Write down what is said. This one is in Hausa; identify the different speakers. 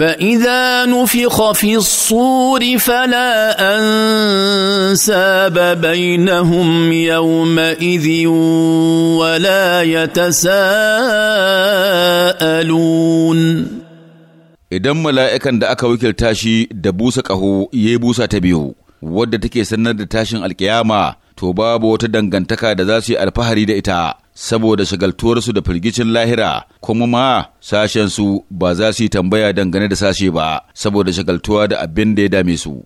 Speaker 1: فاذا نفخ في الصور فلا انساب بينهم يومئذ ولا يتساءلون
Speaker 2: idan mala'ikan da aka wakilta shi da busa ƙaho ya busa ta biyu wadda take sanar da tashin alkiyama to babu wata dangantaka da za su yi alfahari da ita saboda shagaltuwarsu da firgicin lahira kuma ma sashensu ba za su yi tambaya dangane da sashe ba saboda shagaltuwa da abin da ya dame su